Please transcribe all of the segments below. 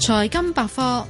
財金百科。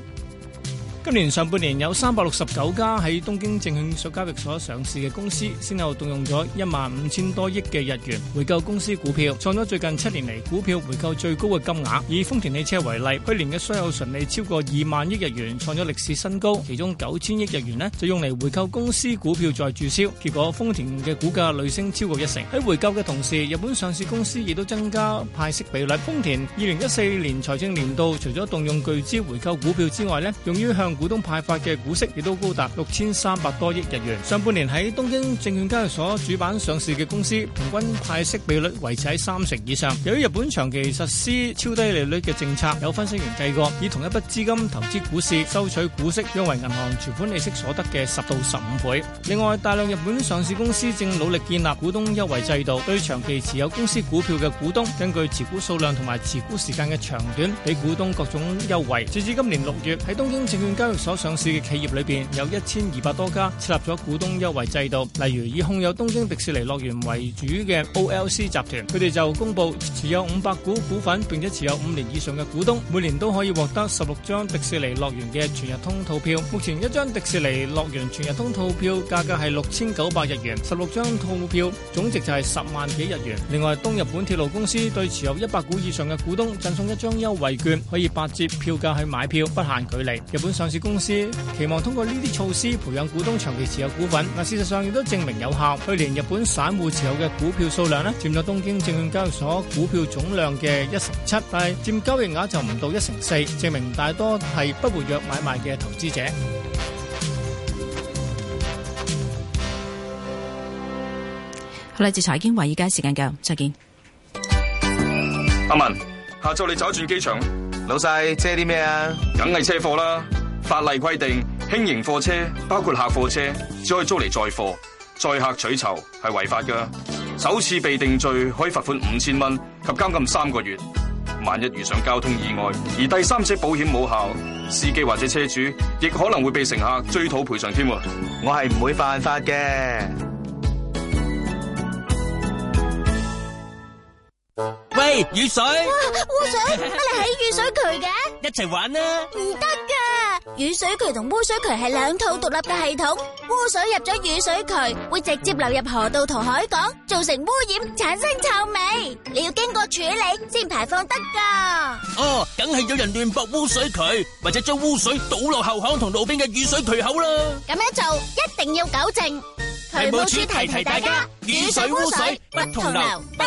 今年上半年有369家喺東京證券交易所上市嘅公司，先後動用咗15000多億嘅日元回購公司股票，創咗最近7年嚟股票回購最高嘅金額。以豐田汽車為例，去年嘅稅後純利超過2萬億日元，創咗歷史新高，其中9000億日元咧就用嚟回購公司股票再註銷，結果豐田嘅股價累升超過一成。喺回購嘅同時，日本上市公司亦都增加派息比率。豐田2014年財政年度，除咗動用鉅資回購股票之外咧，用於向股東派發嘅股息亦都高達六千三百多億日元。上半年喺東京證券交易所主板上市嘅公司，平均派息比率維持喺三成以上。由於日本長期實施超低利率嘅政策，有分析員計過，以同一筆資金投資股市收取股息，約為銀行存款利息所得嘅十到十五倍。另外，大量日本上市公司正努力建立股東優惠制度，對長期持有公司股票嘅股東，根據持股數量同埋持股時間嘅長短，俾股東各種優惠。截至今年六月，喺東京證券交易所上市嘅企業裏邊，有一千二百多家設立咗股東優惠制度，例如以控有東京迪士尼樂園為主嘅 OLC 集團，佢哋就公布持有五百股股份並且持有五年以上嘅股東，每年都可以獲得十六張迪士尼樂園嘅全日通套票。目前一張迪士尼樂園全日通套票價格係六千九百日元，十六張套票總值就係十萬幾日元。另外，東日本鐵路公司對持有一百股以上嘅股東贈送一張優惠券，可以八折票價去買票，不限距離。日本上公司期望通過呢啲措施培養股東長期持有股份，嗱，事實上亦都證明有效。去年日本散戶持有嘅股票數量咧，佔咗東京證券交易所股票總量嘅一成七，但係佔交易額就唔到一成四，證明大多係不活躍買賣嘅投資者。好啦，接財經話而家時間夠，再見。阿文，下晝你走一轉機場，老細遮啲咩啊？梗係車貨啦。法例規定，輕型貨車包括客貨車，只可以租嚟載貨、載客取酬，係違法噶。首次被定罪，可以罰款五千蚊及監禁三個月。萬一遇上交通意外，而第三者保險冇效，司機或者車主亦可能會被乘客追討賠償添。我係唔會犯法嘅。喂，雨水！哇，污水！乜你喺雨水渠嘅？一齊玩啊，唔得噶！雨水渠同污水渠係兩套獨立嘅系統，污水入咗雨水渠會直接流入河道同海港，造成污染，產生臭味，你要經過處理先排放得㗎。哦，梗係有人亂駁污水渠，或者將污水倒落後巷同路邊嘅雨水渠口啦。咁樣做一定要糾正。渠務署提提大家，雨水污水不同流。